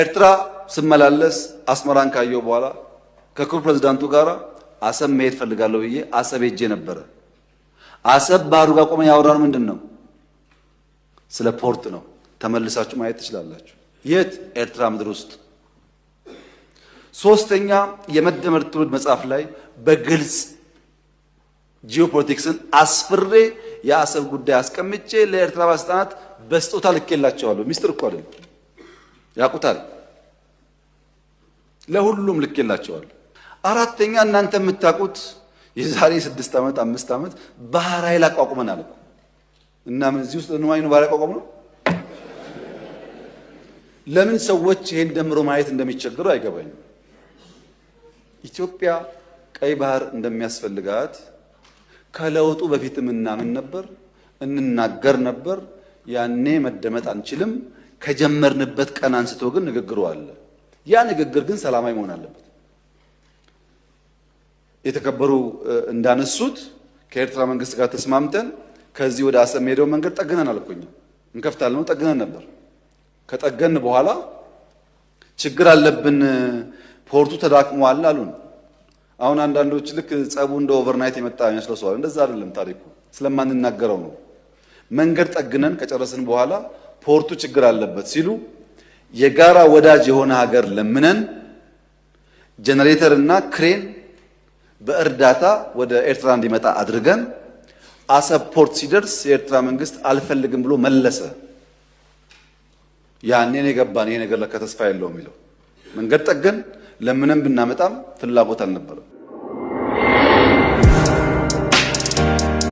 ኤርትራ ስመላለስ አስመራን ካየሁ በኋላ ከክቡር ፕሬዚዳንቱ ጋር አሰብ መሄድ ፈልጋለሁ ብዬ አሰብ ሄጄ ነበረ። አሰብ ባህሩ ጋር ቆመን ያወራነው ምንድን ነው? ስለ ፖርት ነው። ተመልሳችሁ ማየት ትችላላችሁ። የት? ኤርትራ ምድር ውስጥ። ሶስተኛ የመደመር ትውልድ መጽሐፍ ላይ በግልጽ ጂኦፖለቲክስን አስፍሬ የአሰብ ጉዳይ አስቀምጬ ለኤርትራ ባለስልጣናት በስጦታ ልኬላቸዋለሁ። ሚስጥር እኮ አይደለም። ያቁታል? ለሁሉም ልክ የላቸዋል። አራተኛ እናንተ የምታውቁት የዛሬ ስድስት ዓመት አምስት ዓመት ባህር ኃይል አቋቁመናል እና ምን እዚህ ውስጥ ንዋይ ነው ባህር አቋቁም ነው። ለምን ሰዎች ይሄን ደምሮ ማየት እንደሚቸገሩ አይገባኝም። ኢትዮጵያ ቀይ ባህር እንደሚያስፈልጋት ከለውጡ በፊትም እናምን ነበር፣ እንናገር ነበር። ያኔ መደመጥ አንችልም። ከጀመርንበት ቀን አንስቶ ግን ንግግሩ አለ። ያ ንግግር ግን ሰላማዊ መሆን አለበት። የተከበሩ እንዳነሱት ከኤርትራ መንግስት ጋር ተስማምተን ከዚህ ወደ አሰብ ሄደው መንገድ ጠግነን አልኩኝም እንከፍታለን ጠግነን ነበር። ከጠገን በኋላ ችግር አለብን፣ ፖርቱ ተዳክሟል አሉን። አሁን አንዳንዶች ልክ ጸቡ እንደ ኦቨርናይት የመጣ ይመስለው ሰዋል። እንደዛ አይደለም ታሪኩ፣ ስለማንናገረው ነው። መንገድ ጠግነን ከጨረስን በኋላ ፖርቱ ችግር አለበት ሲሉ የጋራ ወዳጅ የሆነ ሀገር ለምነን ጀነሬተርና ክሬን በእርዳታ ወደ ኤርትራ እንዲመጣ አድርገን አሰብ ፖርት ሲደርስ የኤርትራ መንግስት አልፈልግም ብሎ መለሰ። ያኔን የገባን ይሄ ነገር ለከተስፋ ተስፋ የለው የሚለው መንገድ ጠገን ለምንም ብናመጣም ፍላጎት አልነበረም።